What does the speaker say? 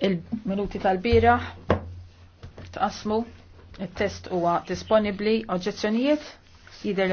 Il-minuti tal-bira tqasmu, il-test huwa disponibbli, oġġezzjonijiet, jider